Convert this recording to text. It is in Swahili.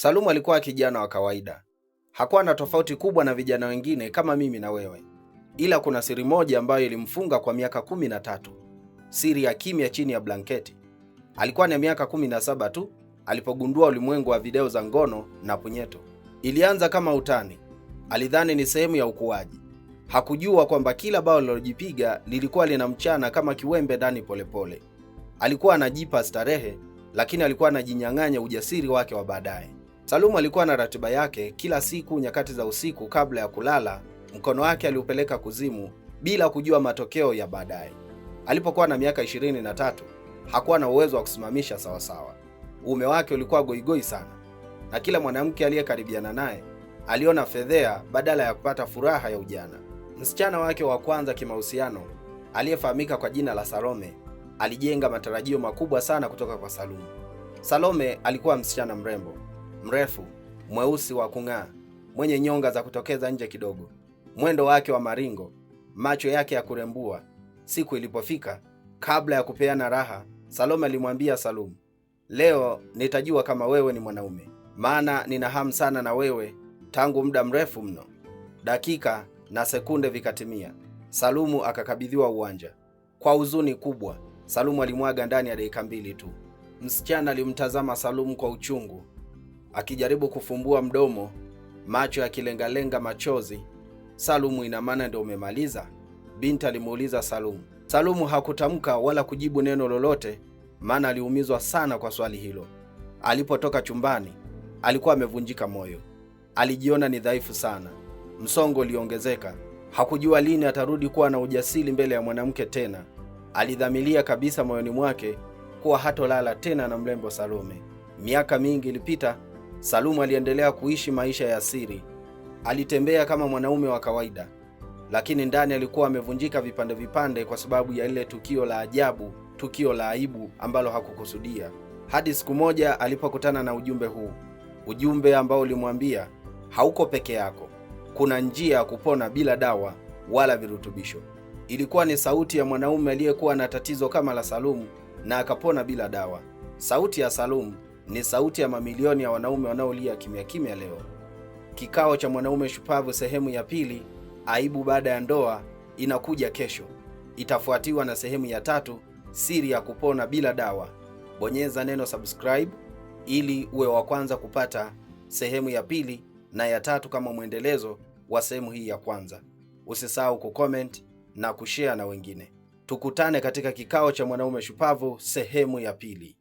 Salumu alikuwa kijana wa kawaida, hakuwa na tofauti kubwa na vijana wengine kama mimi na wewe, ila kuna siri moja ambayo ilimfunga kwa miaka kumi na tatu, siri ya kimya chini ya blanketi. Alikuwa na miaka 17 tu alipogundua ulimwengu wa video za ngono na punyeto. Ilianza kama utani, alidhani ni sehemu ya ukuaji. Hakujua kwamba kila bao lilojipiga lilikuwa lina mchana kama kiwembe ndani polepole. Alikuwa anajipa starehe, lakini alikuwa anajinyang'anya ujasiri wake wa baadaye. Salumu alikuwa na ratiba yake kila siku. Nyakati za usiku kabla ya kulala, mkono wake aliupeleka kuzimu bila kujua matokeo ya baadaye. Alipokuwa na miaka 23 tatu hakuwa na uwezo wa kusimamisha sawasawa. Uume wake ulikuwa goigoi sana, na kila mwanamke aliyekaribiana naye aliona fedhea badala ya kupata furaha ya ujana. Msichana wake wa kwanza kimahusiano aliyefahamika kwa jina la Salome alijenga matarajio makubwa sana kutoka kwa Salumu. Salome alikuwa msichana mrembo mrefu, mweusi wa kung'aa, mwenye nyonga za kutokeza nje kidogo, mwendo wake wa maringo, macho yake ya kurembua. Siku ilipofika, kabla ya kupeana raha, Salome alimwambia Salumu, leo nitajua kama wewe ni mwanaume, maana nina hamu sana na wewe tangu muda mrefu mno. Dakika na sekunde vikatimia, Salumu akakabidhiwa uwanja. Kwa huzuni kubwa, Salumu alimwaga ndani ya dakika mbili tu. Msichana alimtazama Salumu kwa uchungu akijaribu kufumbua mdomo, macho yakilengalenga machozi. Salumu, ina maana ndio umemaliza? Binti alimuuliza Salumu. Salumu hakutamka wala kujibu neno lolote, maana aliumizwa sana kwa swali hilo. Alipotoka chumbani, alikuwa amevunjika moyo, alijiona ni dhaifu sana. Msongo uliongezeka. Hakujua lini atarudi kuwa na ujasiri mbele ya mwanamke tena. alidhamilia kabisa moyoni mwake kuwa hatolala tena na mrembo Salome. Miaka mingi ilipita Salumu aliendelea kuishi maisha ya siri. Alitembea kama mwanaume wa kawaida, lakini ndani alikuwa amevunjika vipande vipande kwa sababu ya ile tukio la ajabu, tukio la aibu ambalo hakukusudia. Hadi siku moja alipokutana na ujumbe huu, ujumbe ambao ulimwambia hauko peke yako, kuna njia ya kupona bila dawa wala virutubisho. Ilikuwa ni sauti ya mwanaume aliyekuwa na tatizo kama la Salumu na akapona bila dawa. Sauti ya Salumu ni sauti ya mamilioni ya wanaume wanaolia kimya kimya leo. Kikao cha mwanaume shupavu sehemu ya pili, aibu baada ya ndoa, inakuja kesho. Itafuatiwa na sehemu ya tatu, siri ya kupona bila dawa. Bonyeza neno subscribe ili uwe wa kwanza kupata sehemu ya pili na ya tatu kama mwendelezo wa sehemu hii ya kwanza. Usisahau kucomment na kushare na wengine. Tukutane katika kikao cha mwanaume shupavu sehemu ya pili.